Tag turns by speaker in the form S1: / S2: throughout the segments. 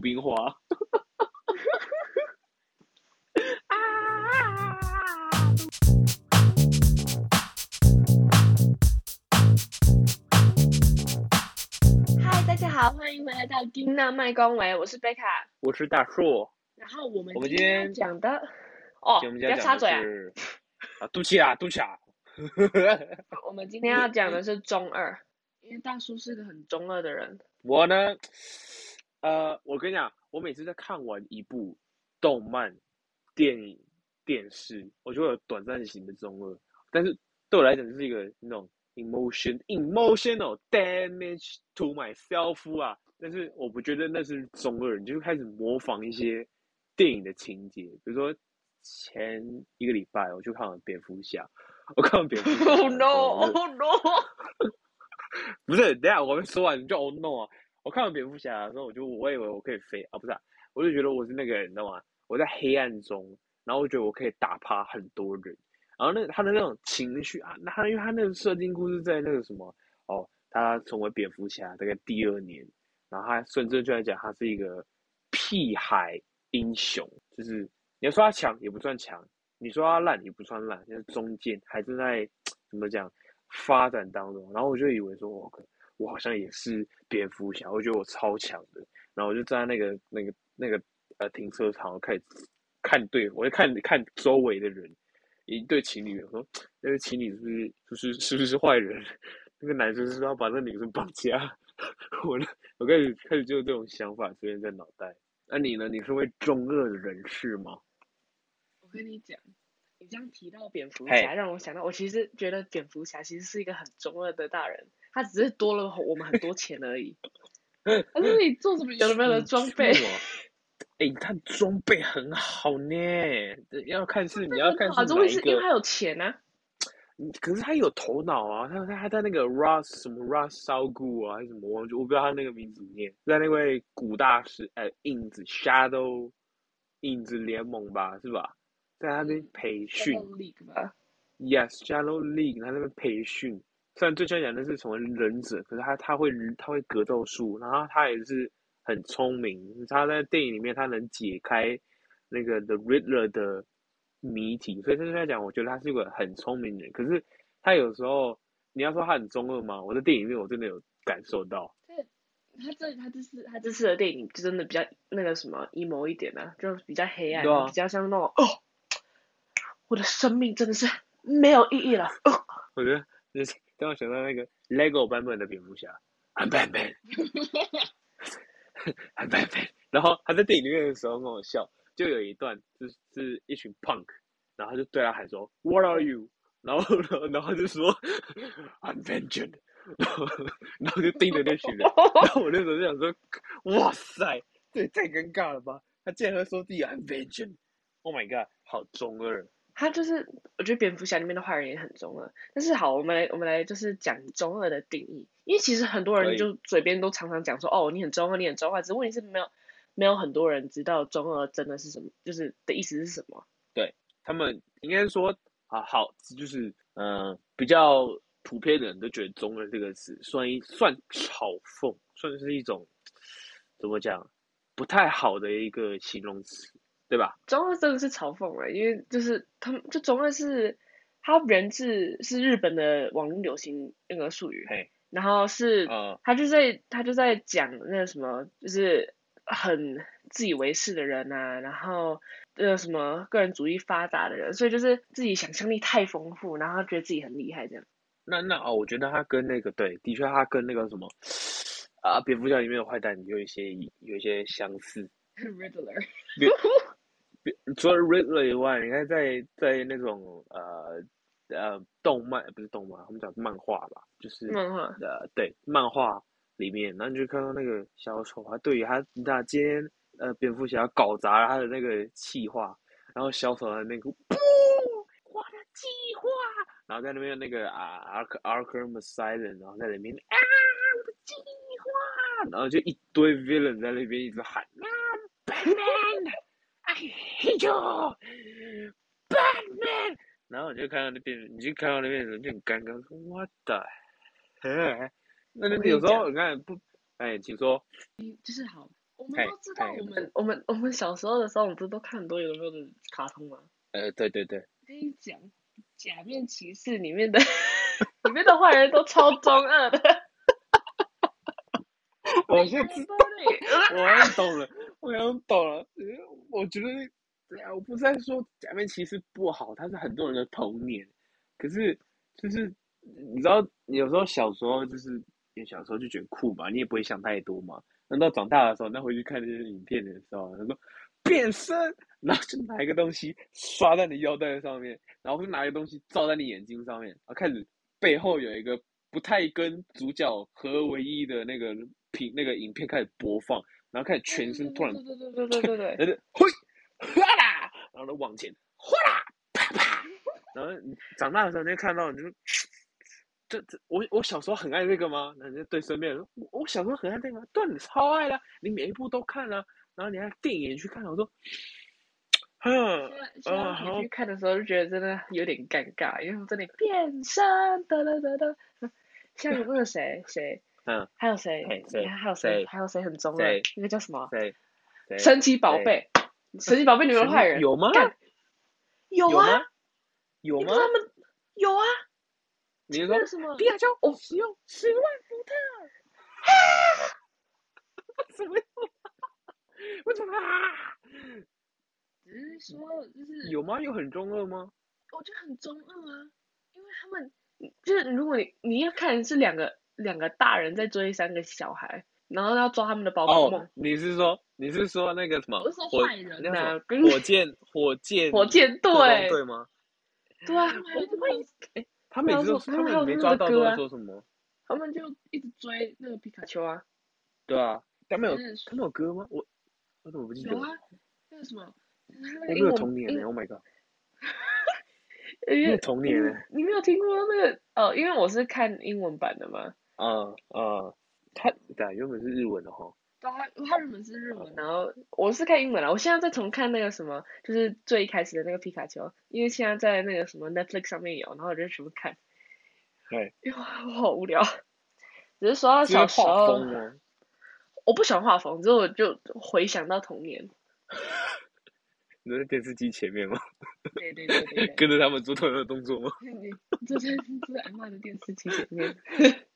S1: 冰花。 啊！
S2: 嗨，大家好，歡迎回來到丁娜麥公維，我是貝卡，
S1: 我是大樹。 然後
S2: 我們我今天, 今天我講的 哦，不要插嘴
S1: 啊！杜卡啊，杜卡。
S2: 我們今天要講的是中二， 因為大樹是一個很中二的人。
S1: 我呢？呃，我跟你講，我每次在看完一部動漫、電影、電視，我就會有短暫型的中二，但是對我來講就是一個那種 emotion emotional damage to myself 啊，但是我不覺得那是中二，你就會開始模仿一些電影的情節，比如說前一個禮拜我去看了《蝙蝠俠》，我看了《蝙蝠》 蝙蝠，Oh no，Oh no，oh no. 不是，等一下我還沒說完，你就 Oh no 啊。我看到蝙蝠俠的時候，我就我以為我可以飛啊，不是、啊，我就覺得我是那個，你知道嗎？我在黑暗中，然後我覺得我可以打趴很多人。然後那他的那種情緒啊，他因為他那個設定故事在那個什麼哦，他成為蝙蝠俠大概第二年，然後他甚至就來講他是一個屁孩英雄，就是你要說他強也不算強，你說他爛也不算爛，就是中間還正在怎麼講發展當中。然後我就以為說，我我好像也是。蝙蝠俠，我覺得我超強的，然後我就站在那個、那個、那個呃停車場，開始看對，我就看看周圍的人，一對情侶，我說那個情侶是不是、是不是、是不是壞人？那個男生是要把那女生綁架？ 我我開始開始就有這種想法出現在腦袋。那、啊、你呢？你是位中二的人士嗎？我跟
S2: 你講，你這樣提到蝙蝠俠，哎、讓我想到，我其實覺得蝙蝠俠其實是一個很中二的大人。他只是多了我們很多錢而已。他說 你做什麼？有什麼樣的裝備？
S1: 哎、 欸，他裝備很好呢，要看是你要看什麼。裝備 是因為他有錢啊。可是他有頭腦啊，他他在那個 Ross 什麼 Ross 燒骨啊，還是什麼我忘記我不知道他那個名字念，在那位古大師哎影子 Shadow，影子聯盟吧是吧，在他那邊培訓。League 吧。Yes，Shadow League，他在那邊培訓。但最主要講的是什麼忍者，可是他他會他會格鬥術，然後他也是很聰明。他在電影裡面他能解開那個 The Riddler 的謎題，所以對他講，我覺得他是一個很聰明的人。可是他有時候你要說他很中二嗎？我在電影裡面我真的有感受到。對，他這他這次
S2: 他這次的電影就真的比較那個什麼陰謀一點啊，就比較黑暗，對啊、比較像那種哦，我的生命真的是沒有意義了。哦，
S1: 我覺得、就是剛我想到那個 Lego 版本的蝙蝠俠，I'm Batman，I'm
S2: Batman。
S1: Bad, bad, 然後他在電影裡面的時候跟我笑，就有一段就是、就是一群 Punk，然後他就對他喊說 What are you？然後然後,然後他就說 I'm vengeance. 然後就盯着那群人。 然後我那時候就想說，哇塞，這
S2: 也太尷尬了吧？他竟然說說自己是 vengeance。Oh my God，好中二！他就是，我覺得蝙蝠俠裡面的壞人也很中二。但是好，我們來我們來就是講中二的定義，因為其實很多人就嘴邊都常常講說，可以。哦，你很中二，你很中二。只是問題是沒有沒有很多人知道中二真的是什麼，就是的意思是什麼？
S1: 對，他們應該說啊好，好，就是嗯、呃、比較普遍的人都覺得中二這個詞算一算嘲諷，算是一種怎麼講不太好的一個形容詞。對吧？
S2: 中二真的是嘲諷了，因為就是他們，就中二是，他人質，是日本的網絡流行那個術語。嘿然後是，呃、他就在他就在講那個什麼，就是很自以為是的人啊，然後那個什麼個人主義發達的人，所以就是自己想象力太豐富，然後他覺得自己很厲害這樣。
S1: 那那哦，我覺得他跟那個對，的確他跟那個什麼，啊蝙蝠俠裡面的壞蛋有一些有一些相似。
S2: Riddler。不
S1: 除了 Ridley 以外，你看在在那種呃呃動漫不是動漫，我們講漫畫吧，就是漫畫畫。呃，對，漫畫裡面，然後你就看到那個小丑啊，對，他那今天呃蝙蝠俠搞砸了他的那個計劃，然後小丑在那邊、個、哭，我
S2: 的計劃，
S1: 然後在那邊那個啊 Ark Arkham Asylum 然後在裡面啊
S2: 我的計劃，然後就
S1: 一堆 Villain 在那邊一直喊啊
S2: ，Batman 哎，
S1: 然後我就看到那邊，你就看到那邊，就很尷尬。我的，那那有時候你看不，哎，請說，就是好，我們都知道，
S2: 我們、哎、我們我們小時候的時候，我們不都看很多很多的卡通嗎？
S1: 呃，對對對。跟你
S2: 講，假面騎士裡面的裡面的壞人都超中二的，我是知道。 我懂了，我好像懂了。
S1: 我覺得，對啊，我不是在說假面騎士不好，它是很多人的童年。可是，就是你知道，有時候小時候就是，小時候就覺得酷嘛，你也不會想太多嘛。等到長大的時候，再回去看這些影片的時候，他說變身，然後就拿一個東西刷在你腰帶上面，然後又拿一個東西照在你眼睛上面，然後開始背後有一個不太跟主角合而為一的那個。片那個影片開始播放，然後開始全身突然，
S2: 對對對對對
S1: 對， 然後就，嘿，嘩啦，然後就往前，嘩啦，啪啪，然後你，長大的時候，你就看到了，就說，這這，我我小時候很愛這個嗎？然後就對身邊說，我我小時候很愛這個嗎，對，你超愛了，你每一部都看了，啊，
S2: 然後你還電影去看，我說，哼。啊，你去看的時候就覺得真的有點尷尬，嗯、因為真的變身噠噠噠噠，像那個誰誰。 嗯，還有誰？你看還有誰？還有誰很中二？那個叫什麼？神奇寶貝，神奇寶貝裡面有壞人？有嗎？有啊。有嗎？有啊。你說什麼？皮卡丘，哦，我使用十萬伏特！啊！為什麼？為什麼啊？人說是。有嗎？又很中二嗎？我覺得很中二啊，因為他們就是如果你你要看是兩個。兩個大人在追三個小孩，然後要抓他們的寶可夢？
S1: 你是說你是說那個什麼？我是說壞人。那火箭火箭火箭隊，對嗎？
S2: 對啊，我怎麼一直？他們還有沒有歌啊？他們就一直追那個皮卡丘啊。
S1: 對啊，他們有他們有歌嗎？我我怎
S2: 麼不記得？什麼？我沒
S1: 有童年啊！Oh my god！童年。
S2: 你沒有聽過那個哦？因為我是看英文版的嘛。
S1: 嗯嗯，它對、uh, uh, 他，原本是日文的哈。對，
S2: 它它原本是日文，uh, 然後我是看英文啦。我現在在重看那個什麼，就是最一開始的那個皮卡丘，因為現在在那個什麼 Netflix 上面有，然後我就全部看。對 Hey,。因好無聊，只是說到小時候，我不喜歡畫風，之後我就回想到童年。
S1: 你在電視機前面嗎？ 對對對，對，對，對，對跟着他們做同樣的動作嗎？
S2: 哈哈， 就是坐在阿嬤的電視機前面。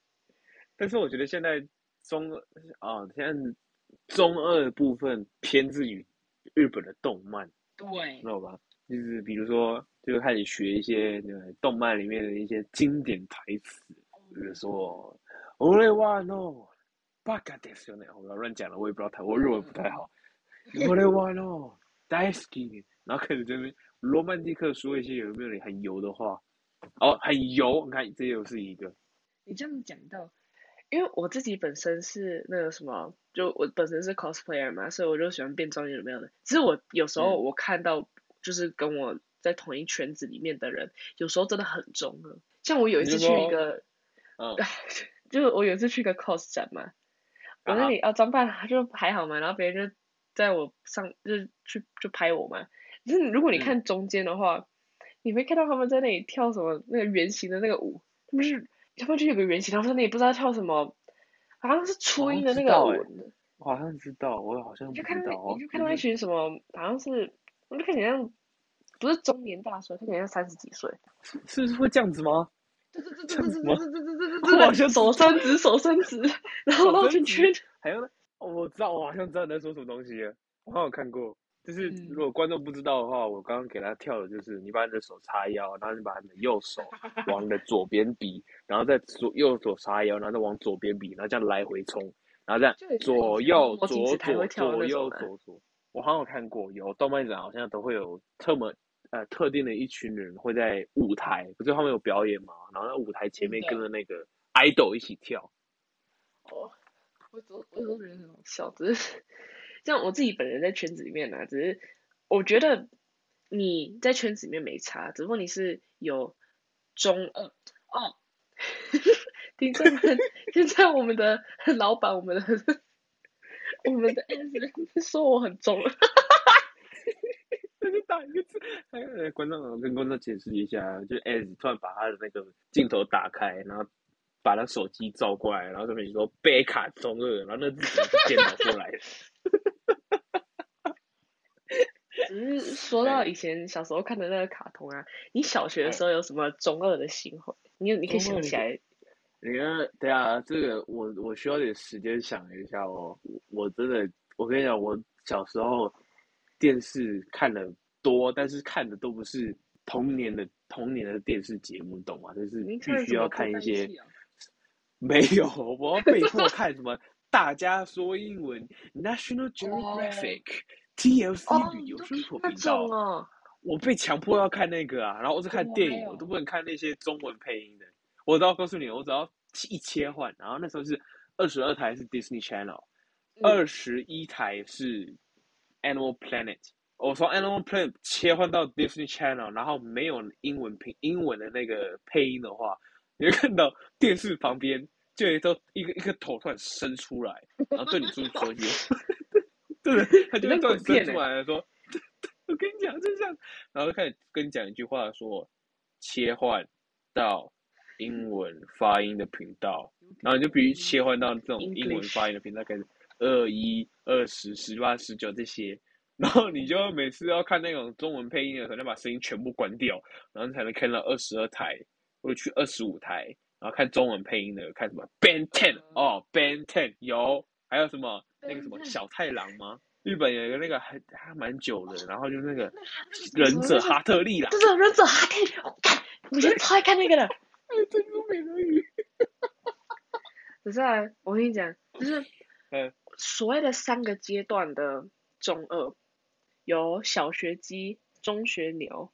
S1: 但是我覺得現在中二啊、哦，現在中二部分偏自於日本的動漫，
S2: 對，你知
S1: 道吧？就是比如說，就開始學一些那個動漫裡面的一些經典台詞，oh, 比如說 “only one 哦 ”，“back at t 我不要亂講了，我也不知道台，我日文不太好，“only one 哦 d a s k y、oh. 然後開始就邊羅曼蒂克說一些有沒有你很油的話，哦、oh,，很油，你、okay, 看這又是一個。
S2: 你這樣講到。因為我自己本身是那個什麼，就我本身是 cosplayer 嘛，所以我就喜歡變裝有沒有的。只是我有時候我看到，就是跟我在同一圈子裡面的人，嗯、有時候真的很中的。像我有一次去一個，哦、 就我有一次去一個 cos 展嘛，後我那裡啊裝扮就還好嘛，然後別人就在我上就去就拍我嘛。可是如果你看中間的話，嗯、你會看到他們在那裡跳什麼那個圓形的那個舞，他們是。他們就有個圓形，他們那裡不知道跳什麼，好像是初音的那個，我
S1: 好像知道，我好像、啊、就看到，就看到一
S2: 群什麼，是是好像是，我就看你像，不是中年大叔，看起來三十幾歲，是是不是會這樣子嗎？這嗎就這這
S1: 這這這這這這這手伸
S2: 直，手伸直，然後繞圈圈，
S1: 還有呢，哦，我知道，我好像知道你在說什麼東西，我好像看過。就是如果觀眾不知道的話，嗯、我剛剛給他跳的就是：你把你的手叉腰，然後你把你的右手往你的左邊比， 然後再左右左叉腰，然後再往左邊比，然後這樣來回衝，然後這樣左右左左左右左左，左，左。我好像有看過有動漫展，好像都會有特麼呃特定的一群人會在舞台，不是他們有表演嘛，然後在舞台前面跟着那個 idol 一起
S2: 跳。哦的、oh,，我總我總覺得那種小子像我自己本人在圈子裡面呢、啊，只是我覺得你在圈子裡面沒差，只不過你是有中二哦。聽眾，現在我們的老闆，我們的我們的 S 說我很中二，那
S1: 就 打一個字。哎、觀眾，跟觀眾解釋一下，就 S 突然把他的那個鏡頭打開，然後把他手機照、照過來，然後跟你說“貝卡中二”，然後那支筆是電腦出來
S2: 只是說到以前小時候看的那個卡通啊，你小學的時候有什麼中二的行會？你你可以想起來？你看對啊，
S1: 這個我我需要點時間想一下哦，我。我真的，我跟你講，我小時候電視看的多，但是看的都不是童年的童年的電視節目，懂嗎？就是必須要看一些。啊、沒有，我要被迫看什麼？ 大家說英文，National Geographic。TLC 旅遊生活頻道，我被強迫要看那個啊，哦、然後我是看電影，對我都不能看那些中文配音的。我都要告訴你，我只要一切換，然後那時候是二十二台是 Disney Channel，二十一台是 Animal Planet。嗯、我從 Animal Planet 切換到 Disney Channel，然後沒有英文配英文的那個配音的話，你會看到電視旁邊就一個一個一個頭突然伸出來，然後對你做作業。 對，他就突斷鑽出來了說：“欸、 我跟你講，就這樣。然後開始跟你講一句話說：“切換到英文發音的頻道。”然後你就必須切換到這種英文發音的頻道，開始二十一二十十八十九這些。然後你就每次要看那種中文配音的時候，你把聲音全部關掉，然後你才能看到二十二台或者去二十五台，然後看中文配音的看什麼。Band Ten、uh huh. 哦，Band Ten 有。還有什麼那個什麼對小太郎嗎？日本有一個那個還還蠻久的，然後就是那個忍者哈特利啦，就是，就是
S2: 忍者哈特利，我現在超愛看那個的，哎對，真沒東西，哈哈哈哈哈。可是啊，我跟你講，就是，呃所謂的三個階段的中二，有小學雞、中學牛，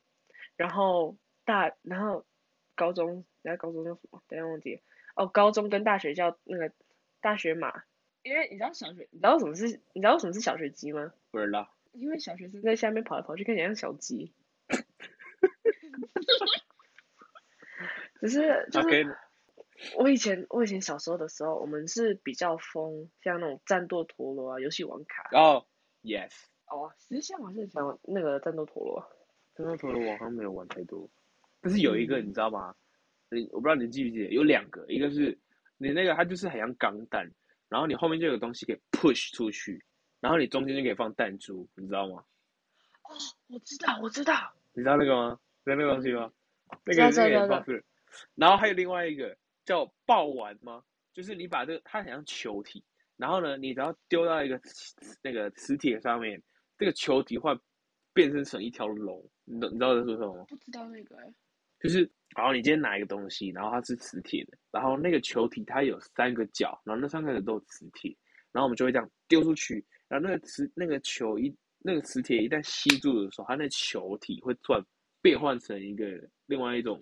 S2: 然後大然後高中，然後高中叫什麼？等下忘記，哦，高中跟大學叫那個大學馬。因為你知道小學，你知道什麼是，你知道什麼是小學雞嗎？不知道。因為小學生在下面跑來跑去，看起來像小雞。哈哈哈哈哈！只是就是，Okay. 我以前我以前小時候的時候，我們是比較瘋，像那種戰鬥陀螺啊、遊戲王卡。哦、
S1: oh，yes。哦，實際
S2: 上我是想玩那個戰鬥陀螺。戰鬥陀螺我好
S1: 像沒有玩太多，但是有一個你知道嗎？你我不知道你記不記得，有兩個，一個是你那個它就是很像鋼彈。然後你後面就有東西可以 push 出去，然後你中間就可以放彈珠，你知道嗎？
S2: 哦，我知道，我知道。
S1: 你知道那個嗎？嗯、那個東西嗎？
S2: 知道，那個可以 push。
S1: 然後還有另外一個叫爆丸嗎？就是你把這個它很像球體，然後呢，你只要丟到一個那個磁鐵上面，這個球體會變身成一條龍，你你知道這是什麼嗎？不
S2: 知道那個、欸
S1: 就是，好，你今天拿一個東西，然後它是磁鐵的，然後那個球體它有三個角，然後那三個角都有磁鐵，然後我們就會這樣丟出去，然後那個磁那個球一那個磁鐵一旦吸住的時候，它那球體會轉，變換成一個另外一種，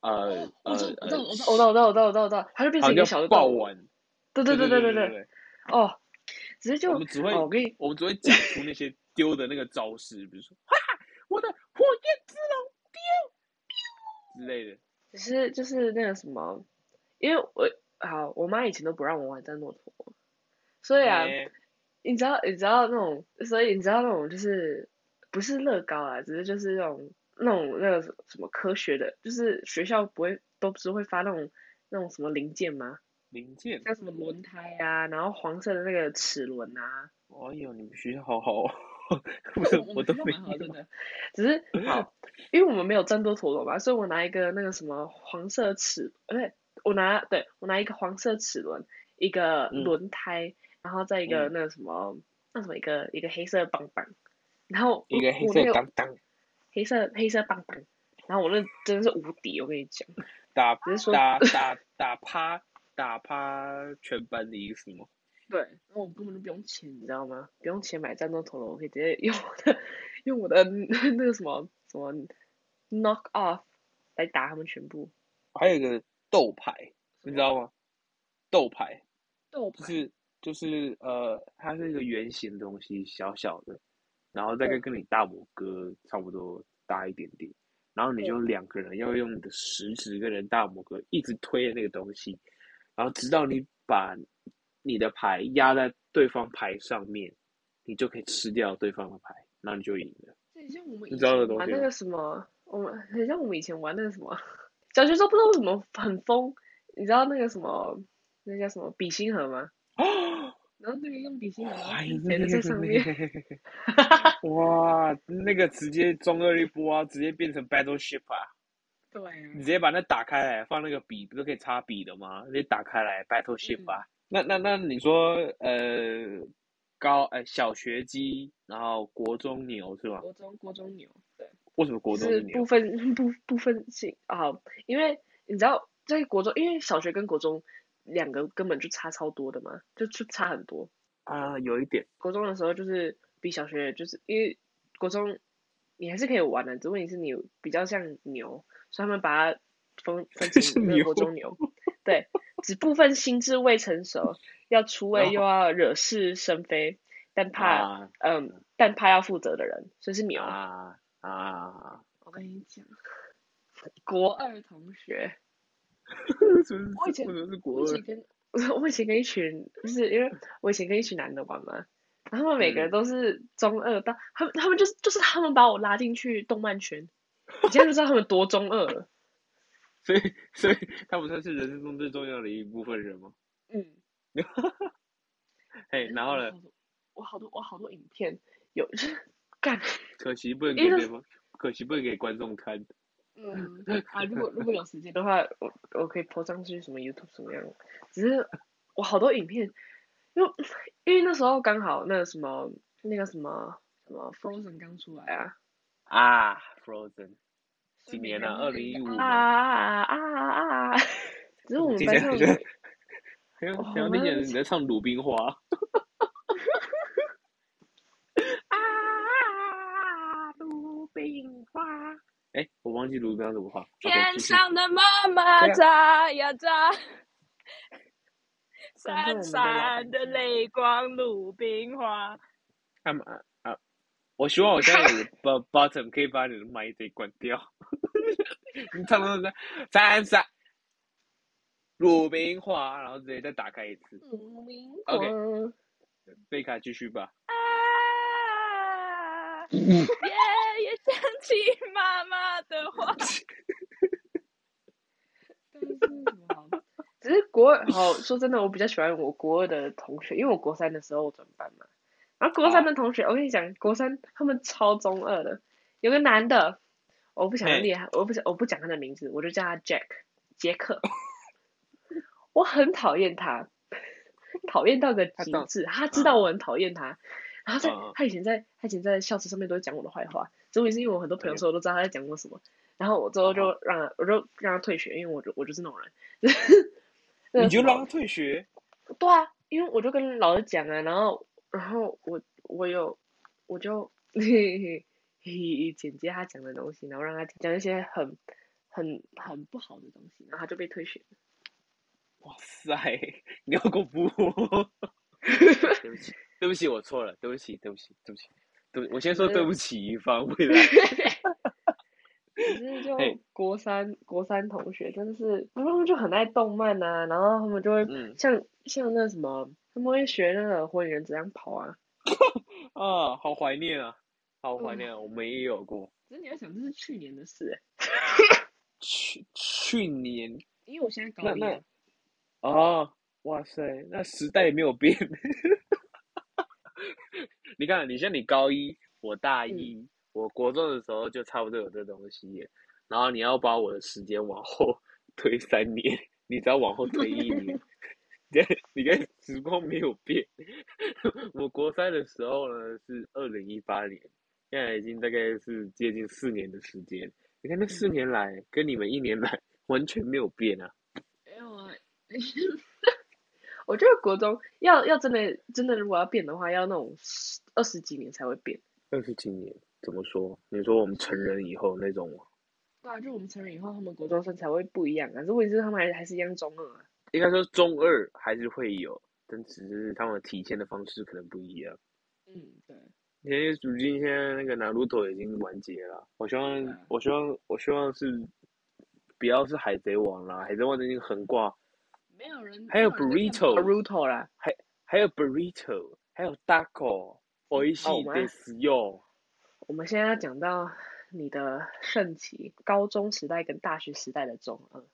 S1: 呃，呃，我知道我知道我知道我知道我知道，我知道，
S2: 我知道我知道，它就變成一個小的爆丸，完對對對對對對，哦，直接就，
S1: 我給你，我們只會指、哦、出那些丟的那個招式， 比如說哈哈，我的火焰。之
S2: 類的，只、就是就是那個什麼，因為我好，我媽以前都不讓我玩在駱駝，所以啊，欸、你知道你知道那種，所以你知道那種就是不是樂高啊，只是就是那種那種那個什麼科學的，就是學校不會都不是會發那種那種什麼零件嗎？零件叫什麼輪胎呀、啊，然後黃色的那個齒輪吶。哦呦，你們學校好好。不 我都沒好，真的， 只是好，因為我們沒有戰鬥陀螺嘛，所以我拿一個那個什麼黃色齒，不對，我拿對，我拿一個黃色齒輪，一個輪胎，嗯、然後再一個那個什麼，嗯、那什麼一個一個黑色棒棒，然後一個黑色棒棒，黑色黑色棒棒，然後我那真的是無敵，我跟你講打，打打打打趴打趴，
S1: 全班的意思嗎？
S2: 對，那我根本就不用錢，你知道嗎？不用錢買戰鬥陀螺，我可以直接用我的，用我的那個什麼什麼 knock off 來打他們全部。還有一個豆牌，啊、你知道嗎？
S1: 豆牌，豆牌就是就是呃，它是一個圓形的東西，小小的，然後大概跟你大拇哥差不多大一點點，然後你就兩個人要用你的食指跟人大拇哥一直推的那個東西，然後直到你把。你的牌壓在對方牌上面，你就可以吃掉對方的牌，那你就贏了。
S2: 你知道的東西。那個什麼，我們很像我們以前玩那個什麼，小學時候不知道為什麼很瘋。你知道那個什麼，那叫什麼筆芯盒嗎？哦。然後那個用筆芯盒疊在上面。
S1: 哇，那個直接中二一波啊！直接變成 battleship 啊。對啊。你直接把它打開來，放那個筆，不是可以插筆的嗎？你直接打開來、嗯、battleship 啊。那那那你說呃，高、哎、欸、小學雞，然後國中牛是吧？國中、
S2: 國中牛，
S1: 對。為什麼國中是牛？就是不
S2: 分不不分性啊？因為你知道在國中，因為小學跟國中兩個根本就差超多的嘛，就就差很多。啊、呃，有一點。國中的時候就是比小學就是因為國中你還是可以玩的、啊，只不過你是你比較像牛，所以他們把它分分成國中牛， 牛，對。指部分心智未成熟，要出位又要惹是生非，哦、但怕嗯、啊呃，但怕要負責的人，所以是秒啊！我跟你講，國二同學，是是我以前我以前跟一群，不是因為我以前跟一群男的玩嘛，然後他們每個人都是中二，到、嗯、他們他們就是就是他們把我拉進去動漫圈，我現在就知道他們多中二了。
S1: 所以，所以他不算是人生中最重要的一部分人嗎？嗯 嘿。然後呢？
S2: 我？我好多，我好多影片有乾。
S1: 可惜不能給那個，可惜不能給觀眾看。嗯，對。
S2: 啊，如果如果有時間的話， 我我可以 po 上去什麼 YouTube 什麼樣，只是我好多影片，因為因為那時候剛好那什麼那個什麼，什麼 Frozen 剛出來啊。
S1: 啊，Frozen。今年呢，二零一五啊
S2: 啊啊！啊是我們在唱，好像
S1: 好像聽見你在唱《魯冰花》哦。啊
S2: 啊啊！魯冰花。
S1: 哎，我忘記魯冰花怎麼唱。Okay, 天上
S2: 的媽媽眨呀眨，閃閃的淚光，魯冰花。
S1: 幹嘛？我希望我這樣子把 button 可以把你的麥給關掉， 你唱到哪呢？閃閃，魯冰花，然後直接再打開一次。魯
S2: 冰花。OK，
S1: 貝卡繼續吧。
S2: 啊！耶，也想起媽媽的話。 但是， 只是國二好，說真的，我比較喜歡我國二的同學，因為我國三的時候轉班嘛。然後、啊、國三的同學，啊、我跟你講，國三他們超中二的。有個男的，我不想要念他，我不想，我不講他的名字，我就叫他 Jack 傑克。 我很討厭他，討厭到個極致。到他知道我很討厭他，啊、然後在他以前，在他以前在校車上面都講我的壞話。主要是因為我很多朋友說，我都知道他在講我什麼。嗯、然後我最後就讓他，啊、我就讓他退學，因為我就，我就是那種人。 這個，你就讓他退學？對啊，因為我就跟老師講啊，然後。然後我我有我就嘿嘿嘿，嘿 剪接他講的東西，然後讓他講一些很很很不好的東西，然後他就被退學。哇
S1: 塞，你要過不？ 對不起，對不起，我錯了，對不起，對不起，對不起，對，我先說對不起，一方未來。
S2: 只是就 hey, 國三國三同學真、就、的是，他們就很愛動漫吶、啊，然後他們就會像、嗯、像那什麼，他們會學那個火影忍者這樣跑啊，
S1: 啊，好懷念啊，好懷念、啊，嗯、我們也有過。
S2: 只是你要想，這
S1: 是去年
S2: 的
S1: 事、欸。 去去年。因為我現在高一。那哦，哇塞，那時代也沒有變。 你看，你像你高一，我大一。嗯我國中的時候就差不多有這東西，然後你要把我的時間往後推三年，你只要往後推一年，你看，你看時光沒有變。我國三的時候呢是二零一八年，現在已經大概是接近四年的時間，你看那四年來跟你們一年來完全沒有變啊。
S2: 我，我覺得國中要要真的真的如果要變的話，要那種二十幾年才
S1: 會變。二十幾年。怎麼說？你說我們成人以後那種嗎？對啊，就我們成人以後，他們國中
S2: 身材會不一樣，但是問題是他們還還是一樣中二
S1: 啊。應該說中二還是會有，但只是他們體現的方式可能不一樣。嗯，對。因為如今現在那個 Naruto 已經完結了，我希望、啊、我希望我希望是，不要是海賊王啦，海賊王的那個橫掛。沒有人。還有 Burrito 啦，還還有 Burrito，還有 Taco，Oishi d
S2: 我們現在要講到你的盛期，高中時代跟大學時代的中二。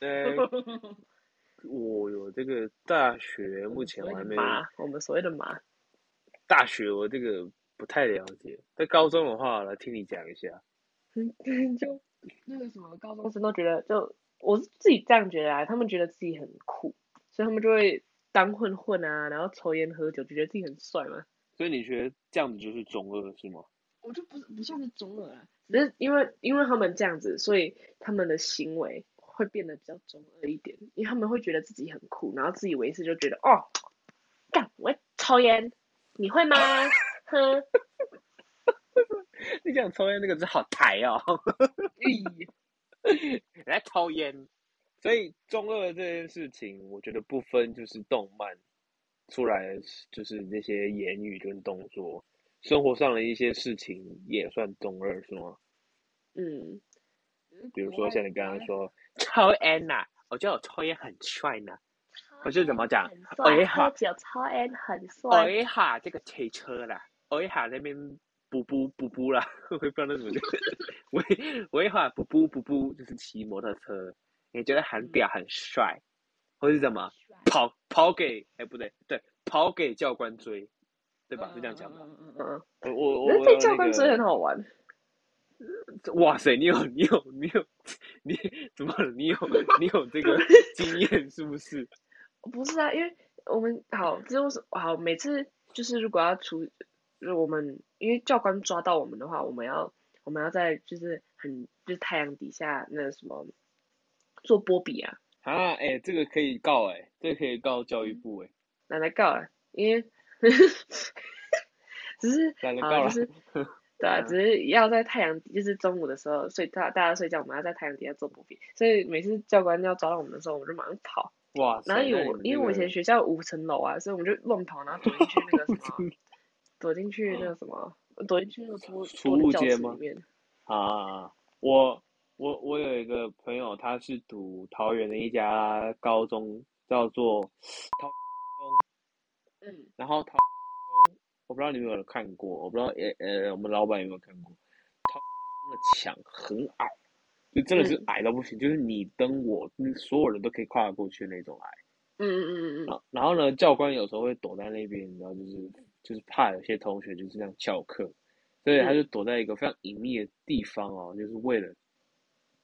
S2: 呃，
S1: 我有這個大學目前我還沒。麻，我們所謂的馬。大學我這個不太了解，在高中的話，來聽你講一下。就那個什麼，高
S2: 中生都覺得，就我是自己這樣覺得啊，他們覺得自己很酷，所以他們就會當混混啊，然後抽菸喝酒，覺得自己很帥嘛。所以你覺得這樣子就是中二是嗎？我就不不像是中二啊，只是因為因為他們這樣子，所以他們的行為會變得比較中二一點，因為他們會覺得自己很酷，然後自以為是就覺得哦，幹，我抽菸，你會嗎？哦、呵，你講抽菸那個字好抬哦，
S1: 來抽菸。所以中二這件事情，我覺得不分就是動漫出來的就是那些言語跟動作。生活上的一些事情也算中二，是嗎？嗯。比如說像你剛剛說
S2: 超 N 吶、啊，我覺得我超 N 很帥呢、啊。
S1: 我是怎麼講？我一哈超 N 很帥。我一帥、哎、哈，超 N 很帥、哎、哈這個騎車啦，我、哎、一哈那邊不不不不啦，我不知道那怎麼講。我我一哈不不不不，就是騎摩托車，也覺得很屌很帥，或是、嗯、怎麼帥跑跑給哎不對對跑給教官追。對吧？是這樣講
S2: 的。嗯嗯嗯。嗯我我我覺得被教官追真的很好玩。哇
S1: 塞！你有你有你有，你怎麼你有 你有這個經驗是不是？
S2: 不是啊，因為我們好，就是好，每次就是如果要出，就是我們因為教官抓到我們的話，我們要我們要在就是很就是太陽底下那個什麼做波比啊。
S1: 啊！哎、欸，這個可以告哎、欸，這個、可以告教育部哎、
S2: 欸，拿來告哎、欸，因為。呵呵， 只是啊，就是對啊， 只是要在太陽，就是中午的時候睡大大家睡覺，我們要在太陽底下做補逼，所以每次教官要抓到我們的時候，我們就馬上跑。哇塞！哪有，對因為我以前學校五層樓啊，所以我們就亂跑，然後躲進去那個什麼， 躲進去那個什麼，啊、躲進去那個儲儲物間裡面。
S1: 啊！我我我有一個朋友，他是讀桃園的一家高中，叫做。嗯，然後他，我不知道你們有沒有看過，我不知道誒，呃，我們老闆有沒有看過？他的牆很矮，就真的是矮到不行，嗯、就是你登我，所有人都可以跨過去那種矮。
S2: 嗯
S1: 嗯嗯嗯然，然後呢，教官有時候會躲在那邊，然後就是就是怕有些同學就是這樣翹課，
S2: 所以他就
S1: 躲在一個非常隱秘的地方哦，嗯、就是為了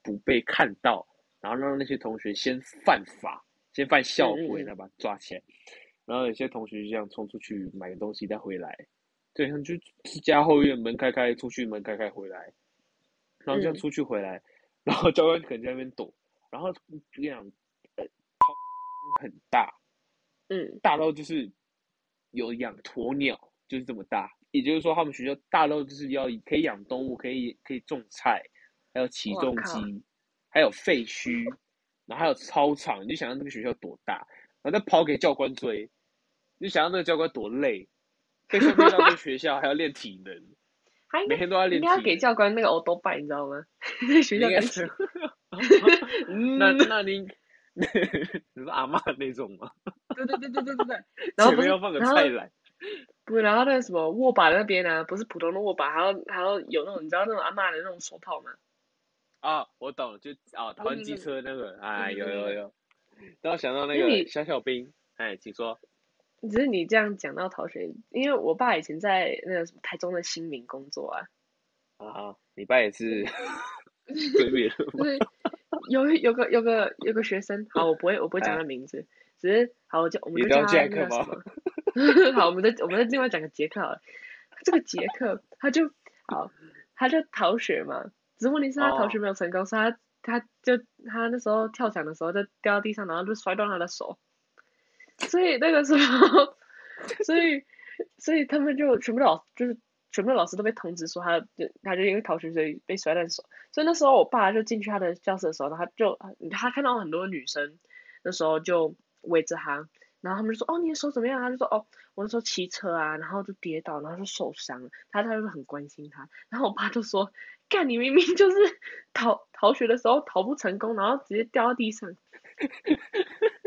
S1: 不被看到，然後讓那些同學先犯法，先犯校規，再、嗯、把他抓起來。然後有些同學就這樣衝出去買個東西，再回來，對，他們就自家後院門開開出去，門開開回來，然後這樣出去回來，嗯，然後教官可能在那邊躲，然後這樣，呃，很大，嗯，大到就是有養鴕鳥，就是這麼大，也就是說他們學校大到就是要可以養動物，可以可以種菜，還有起重機，靠還有廢墟，然後還有操場，你就想象這個學校多大，然後再跑給教官追。你想要那個教官多累，飛上飛到那學校還要練體能，
S2: 每天都要練。你要給教官那個歐兜拜，你知道嗎？ 學校練車。 那那你，你
S1: 是阿嬤那種嗎？對
S2: 對對對對對對。然後，不然後 要放個菜來。不然，然後那個什麼握把那邊呢、啊？不是普通的握把，還要還要有那種你知道那種阿嬤的那種手套嗎？啊，我
S1: 懂了，就啊，台灣、哦、機車的那個，哎、啊，有有有，有。然後、嗯、想到那個、欸、小小兵，哎，請說。
S2: 只是你這樣講到逃學，因為我爸以前在那個台中的新民工作啊。啊，
S1: 你爸也是。呵
S2: 呵 對 有，有個有個有個有個學生，好，我不會我不會講他名字，啊、只是好，我就我們就講傑克什麼 好，我們再我們再另外講個杰克好了。這個傑克他就好，他就逃學嘛。只不過問題是，他逃學沒有成功，是、哦、他他就他那時候跳傘的時候，就掉到地上，然後就摔斷他的手。所以那個時候，所以，所以他們就全部老就是全部的老師都被通知說他，他就他就因為逃學所以被摔斷手。所以那時候我爸就進去他的教室的時候，他就他看到很多女生，那時候就圍着他，然後他們就說：“哦，你的手怎麼樣？”他就說：“哦，我就說騎車啊，然後就跌倒，然後就受傷了。”他他就很關心他，然後我爸就說：“幹，你明明就是逃逃學的時候逃不成功，然後直接掉到地上。 ”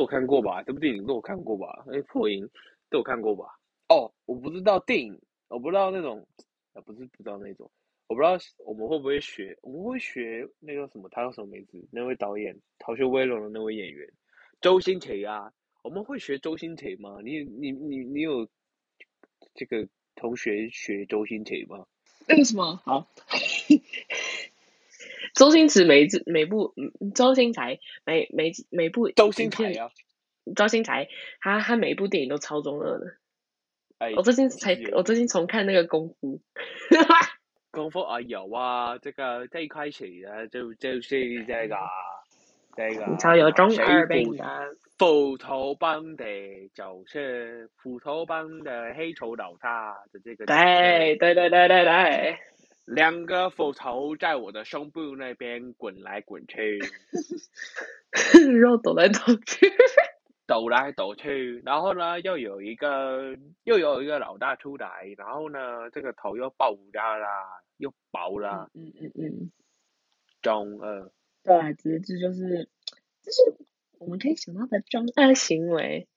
S1: 我看過吧，這部電影都我看過吧。那破音都我看過吧。哦、欸，oh, 我不知道電影，我不知道那種，不是不知道那種，我不知道我們會不會學，我們會學那個什麼，他叫什麼名字？那位導演逃學威龍的那位演員周星馳啊，我們會學周星馳嗎？
S2: 你你你你有這個同學學周星馳嗎？那個什麼啊？好 周星馳每字、每部，周星馳每、每、每部，周星馳、啊、周星馳，他他每部電影都超中二的。哎、我最近才，我最近重看那個功夫。
S1: 功夫啊有啊，這個最開始呢就、就是這個
S2: 這個，超有中二病的、
S1: 啊。斧頭幫的就是斧頭幫的黑手老大，就這個對。對
S2: 對對對對對。
S1: 兩個斧頭在我的胸部那邊滾來滾去，
S2: 然後 抖來抖去 ，
S1: 抖來抖去。然後呢，又有一個，又有一個老大出來。然後呢，這個頭又爆炸
S2: 了，又爆了。嗯嗯嗯，嗯嗯中二，對，只這就是，就是我們可以想到的中二行為。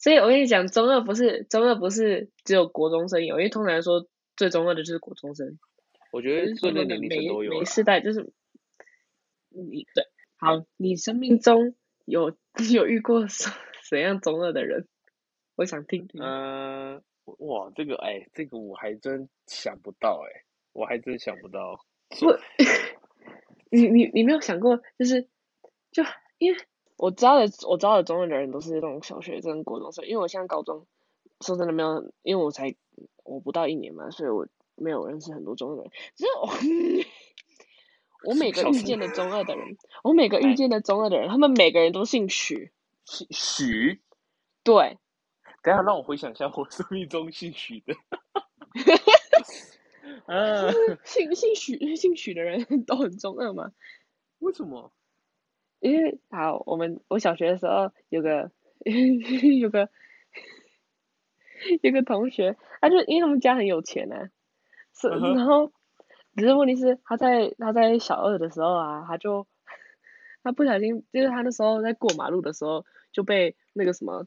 S2: 所以我跟你講，中二不是中二，不是只有國中生有，因為通常說最中二的就是國中生。我覺得所有的每沒,沒世代就是你，你對好，嗯、你生命中有有遇過什，怎樣中二的人，
S1: 我想聽聽。嗯、呃，哇，這個哎、欸，這個我還真想不到哎、欸，
S2: 我還真想不到。所以我， 你你你沒有想過，就是就因為、yeah、我知道的，我知道的中二的人都是那種小學生、國中生，因為我現在高中說真的沒有，因為我才我不到一年嘛，所以我。沒有認識很多中二的人，只是、哦、我，每個遇見的中二的人，我每個遇見的中二的人，哎、他們每個人都姓許，姓許，對，等下讓我回想一下，我生命中姓許的，嗯，姓姓許姓許的人都很中二嗎？為什麼？因為好，我們我小學的時候有個有個有個，有個同學，他、啊、就因為他們家很有錢呢、啊。然後，只、uh huh. 是問題是，他在他在小二的時候啊，他就他不小心，就是他那時候在過馬路的時候，就被那個什麼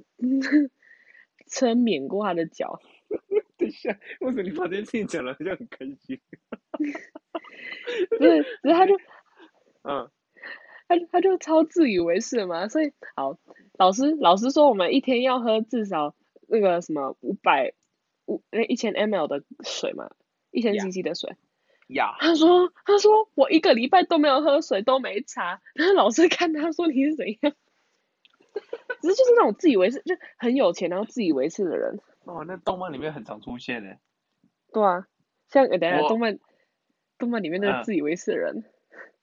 S2: 車碾過他的腳。
S1: 等一下，為什麼你把這件事情講了，好像很開心？不 是，
S2: 只是他就嗯，uh. 他他就超自以為是嘛。所以好，老師老師說我們一天要喝至少那個什麼五百五那一千 m l 的水嘛。一千 CC 的水，yeah. Yeah. 他說：“他說我一個禮拜都沒有喝水，都沒茶，他老是看，他說你是怎樣， 只是就是那種自以為是，就很有錢，然後自以為是的人。”
S1: 哦，那動漫裡面很常出現的。
S2: 對啊，像等下我動漫，動漫裡面的自以為是的人，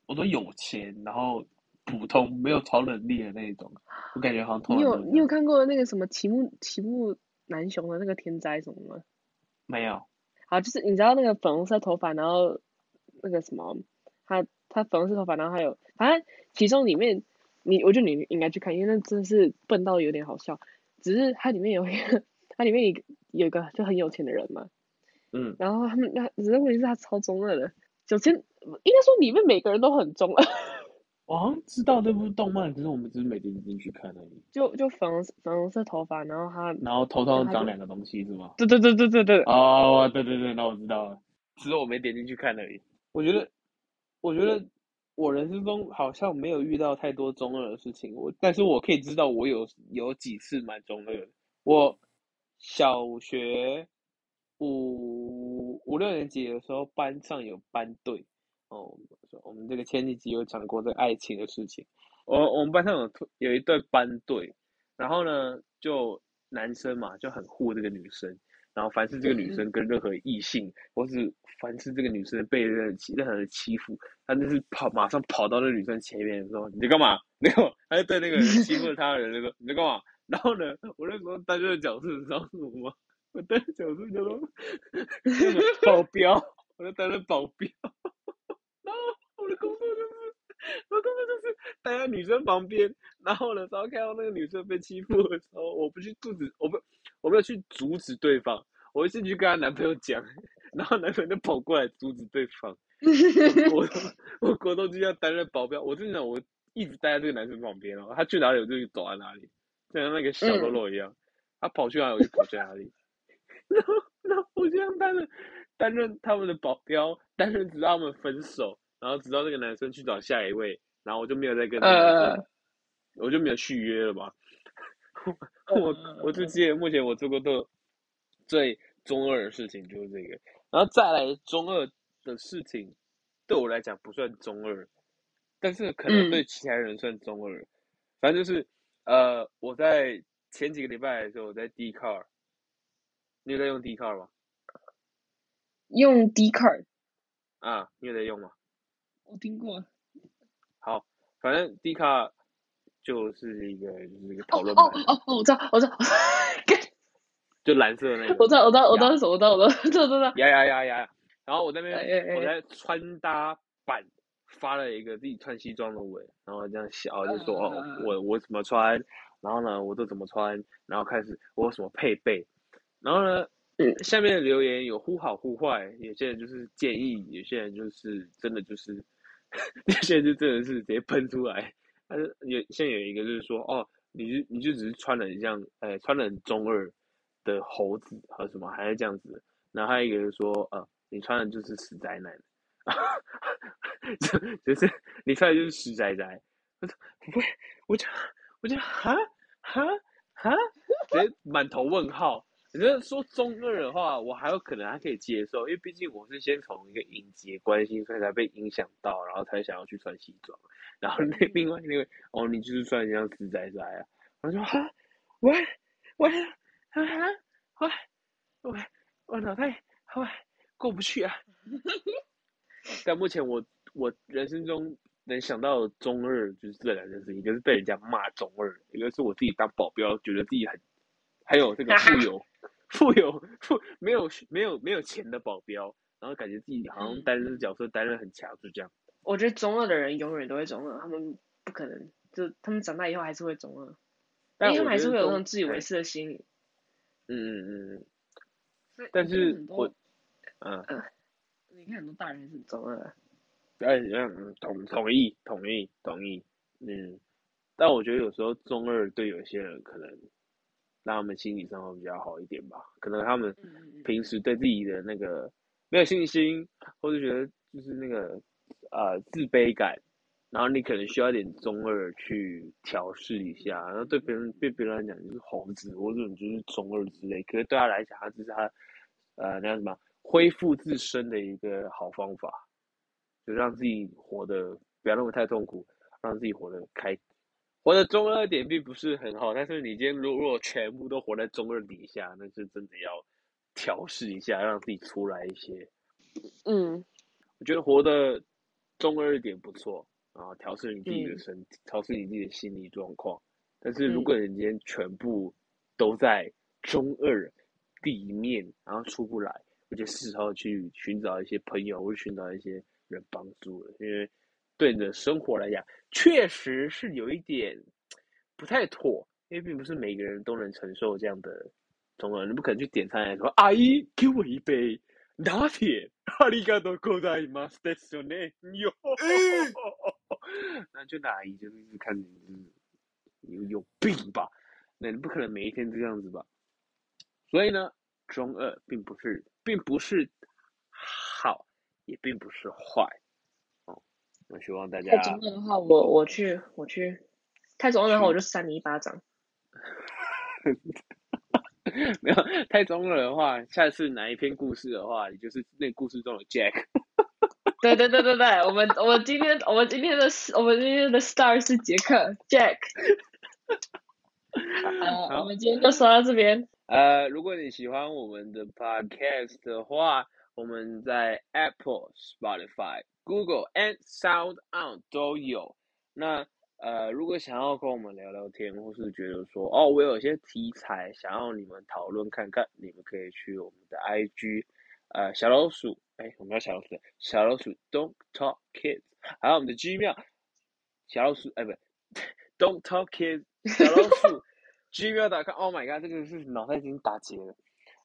S1: 我都有錢，然後普通沒有超能力的那種，我感覺好像。你有你有
S2: 看過那個什麼齊木齊木楠雄的那個天災什麼嗎？
S1: 沒有。
S2: 好，就是你知道那個粉紅色頭髮，然後那個什麼，他他粉紅色頭髮，然後還有，反正其中裡面，你我覺得你應該去看，因為那真是笨到有點好笑。只是它裡面有一個，它裡面有一個，有一個就很有錢的人嘛，嗯，然後他們那，只是問題是他超中二的，有錢，應該說裡面每個人都很中二。我好像知道這
S1: 部動漫，只是我們只是沒點進去看而已。
S2: 就就粉紅粉紅色頭髮，然後他然後頭，頭上長兩個
S1: 東西是嗎？對對對對對對。哦，oh, wow, 對對對，那我知道了。只是我沒點進去看而已。我覺得，我覺得我人生中好像沒有遇到太多中二的事情，我但是我可以知道我有有幾次蠻中二的。我小學五五六年級的時候，班上有班隊哦。我們這個前幾集有講過這個愛情的事情，我我們班上有有一對班對，然後呢，就男生嘛，就很護這個女生，然後凡是這個女生跟任何異性或是凡是這個女生被任任何人欺負，他就是跑馬上跑到那女生前面說，你在幹嘛？然後他就對那個人欺負他的人 就說，你在幹嘛？然後呢，我那時候擔任的角色你知道是什麼嗎？我擔任的角色叫做、那個、保鏢， 我擔任保鏢。
S2: 工作就是，我工作就是待在
S1: 女生旁邊，然後呢，然後看到那個女生被欺負的時候，我不去阻止，我不我沒有去阻止對方，我甚至去跟她男朋友講，然後男朋友就跑過來阻止對方。我我果斷就要擔任保鏢，我真的我一直待在這個男生旁邊哦，他去哪裡我就躲在哪裡，就像那個小嘍囉一樣，嗯、他跑去哪裡我就跑去哪裡， 然後然後我就當擔任擔任他們的保鏢，擔任直到他們分手。然後直到這個男生去找下一位，然後我就沒有再跟他、uh, 嗯，我就沒有續約了吧。 我我就記得目前我做過的最中二的事情就是這個，然後再來的中二的事情，對我來講不算中二，但是可能對其他人算中二。嗯、反正就是，呃，我在前幾個禮拜的時候我在 Dcard，你有在用 Dcard 嗎？
S2: 用 Dcard
S1: 啊，你有在用嗎？我聽過了，好，反正 D 卡，就是一個就是一個討論。哦
S2: 哦我知道，我知
S1: 道，就藍色的那個。我知道，我知道，我知道，
S2: 我知道，我知道，知道，知道。呀
S1: 呀呀呀！然後我在那邊、yeah, yeah , yeah. 我在穿搭版發了一個自己穿西裝的文，然後這樣寫哦，就說哦、uh, uh. 啊、我我怎麼穿，然後呢我都怎麼穿，然後開始我有什麼配備，然後呢下面的留言有忽好忽壞，有些人就是建議，有些人就是真的就是。 現在就真的是直接噴出來，但是有現在有一個就是說，哦，你就你就只是穿了很像，哎、呃，穿了很中二的猴子和什麼，還是這樣子。然後還有一個就是說，呃、哦，你穿的就是死宅男，哈哈，就是你穿的就是死宅宅。我我我就我就哈哈哈，直接滿頭問號。你是說中二的話，我還有可能還可以接受，因為畢竟我是先從一個影集關心，所以才被影響到，然後才想要去穿西裝。然後那另外一位，哦，你就是穿這樣死宅宅啊！
S2: 我說啊，喂喂啊啊啊！喂，我腦袋我過不去啊。
S1: 但目前我我人生中能想到的中二就是這兩件事情，就是被人家罵中二，一個是我自己當保鏢，覺得自己很，還有這個富有。 富有富沒有沒有沒有錢的保鏢，然後感覺自己好像擔任、嗯、角色擔任很強，就這樣。
S2: 我覺得中二的人永遠都會中二，他們不可能，就他們長大以後還是會中二，但他們還是會有那種自以為是的心理。嗯嗯嗯。嗯嗯以但是，很多我，嗯我。啊、你看很多大人是中二。
S1: 但是，嗯，同同意，同意，同意，嗯。但我覺得有時候中二對有些人可能讓他們心理上會比較好一點吧，可能他們平時對自己的那個沒有信心，或者覺得就是那個呃自卑感，然後你可能需要一點中二去調適一下。然後對別人對別人來講就是猴子，或者你就是中二之類，可是對他來講，他只是他呃那樣什麼恢復自身的一個好方法，就讓自己活得不要那麼太痛苦，讓自己活得開心。活的中二點並不是很好，但是你今天如果，如果全部都活在中二底下，那就真的要調適一下，讓自己出來一些。
S2: 嗯，
S1: 我覺得活的中二點不錯，然後調適你自己的身體，調適、嗯、你自己的心理狀況。但是如果你今天全部都在中二地面，嗯、然後出不來，我覺得是時候去尋找一些朋友，或者尋找一些人幫助了，因為。對你的生活來講，確實是有一點不太妥，因為並不是每個人都能承受這樣的中二。你不可能去點餐來說：“阿姨，給我一杯拿鐵。”，ありがとうございます,す。 那就那阿姨就是你看你有，有病吧，那你不可能每一天這樣子吧。所以呢，中二並不是，並不是好，也並不是壞。我希望大家太裝了的
S2: 話，我我去我去，太裝了的話，我就扇你一巴掌。
S1: 沒有太裝了的話，下次哪一篇故事的話，也就是那故事中的 Jack。
S2: 對 對對對對，我們我們今天我們今天的我們今天的，我們今天的 star 是傑克 Jack。Uh, 好我們今天就說到這邊。呃，uh,
S1: 如果你喜歡我們的 podcast 的話。我們在 Apple、Spotify、Google and Sound On 都有。那呃，如果想要跟我們聊聊天，或是覺得說哦，我有一些題材想要你們討論看看，你們可以去我們的 IG，呃，小老鼠，哎，我們要小老鼠？小老鼠 Don't Talk Kids，還有我們的 Gmail，小老鼠，哎不對，Don't Talk Kids，小老鼠 Gmail 打開，Oh my god，這個是腦袋已經打結了。